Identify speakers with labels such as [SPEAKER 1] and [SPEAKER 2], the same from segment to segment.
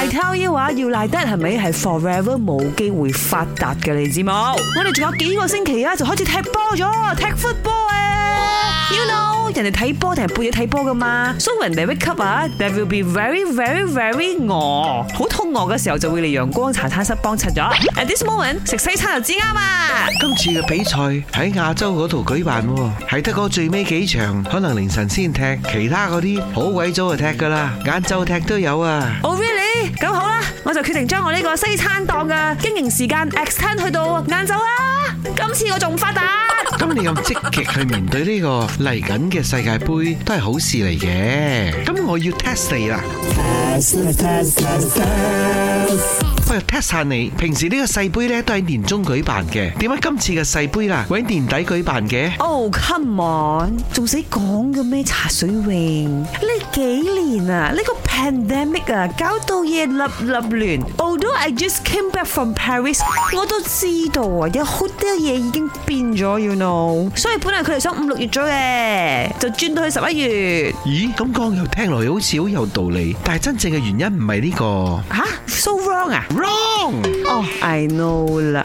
[SPEAKER 1] I tell you 嘅話要賴得係咪係 forever 冇機會發達嘅，你知冇？我哋仲有幾個星期啊，就開始踢波咗，踢 football 誒。You know，人哋睇波定係半夜睇波噶嘛？So when baby cup 啊，that will be very very very 餓，好肚餓嘅時候就會嚟陽光茶餐室幫襯咗。At this moment，食西餐就至啱啊！
[SPEAKER 2] 今次嘅比賽喺亞洲嗰度舉辦喎，係得個最尾幾場可能凌晨先踢，其他嗰啲好鬼早就踢噶啦，晏晝踢都有啊。
[SPEAKER 1] Oh really？咁好啦，我就決定將我呢個西餐檔嘅經營時間 extend 去到晏晝啦。今次我仲發達。
[SPEAKER 2] 咁你咁積極去面對呢個嚟緊嘅世界盃，都係好事嚟嘅。咁我要 test 你啦。喂，test 下你！平時呢個世杯咧都喺年中舉辦嘅，點解今次嘅世杯啦，會喺年底舉辦嘅
[SPEAKER 1] 哦、oh, come on，仲使講嘅咩？茶水泳呢幾年啊，呢、這個 pandemic 啊，搞到嘢立立亂。Oh, I just came back from Paris？我都知道啊，有好多嘢已經變咗，you know。所以本來佢哋想五六月咗嘅，
[SPEAKER 2] 就轉到去十一月。咦？咁講又聽落去好似好有道理，但係真正嘅原因唔係呢個。
[SPEAKER 1] 吓？So wrong 啊？Wrong？哦，I know 啦。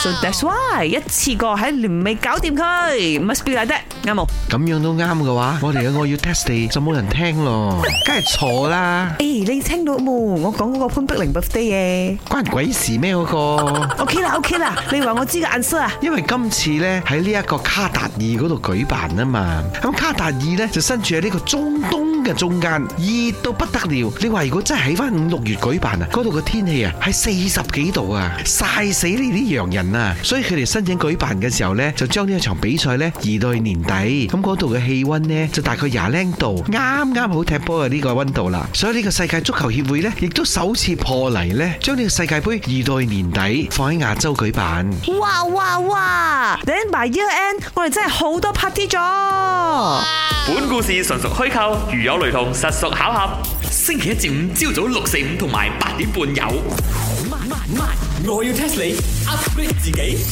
[SPEAKER 1] So that's why 一次過喺年尾搞掂佢，must be like that，啱喎？咁樣都啱嘅話，我哋嘅我
[SPEAKER 2] 要 test 嘅就冇人聽咯，梗係錯啦！誒，你聽到冇？我講嗰個潘碧玲 birthday 嘅關鬼事咩？嗰個
[SPEAKER 1] OK 啦，OK 啦，你話我知個 answer 啊！因
[SPEAKER 2] 為今次咧喺呢一個卡達爾嗰度舉辦啊嘛，咁卡達爾咧就身處喺呢個中東嘅中間，熱到不得了。你話如果真係喺翻五六月舉辦啊，嗰度嘅天氣啊喺四十幾度啊，曬死呢啲洋人！所以佢哋申請舉辦嘅時候呢，就將呢一場比賽呢移到去年底，咁嗰度嘅氣温呢，就大概廿零度，啱啱好踢波嘅呢個温度啦。所以呢個世界足球協會呢，亦都首次破例呢，將呢個世界杯移到去年底，放喺亞洲舉辦。
[SPEAKER 1] 哇哇哇！Then by year end，我哋真係好多 party 咗。本故事純屬虛構，如有雷同，實屬巧合。星期一至五朝早六四五同埋八點半有。Oh, my, my, my. 我要 test 你 upgrade 自己。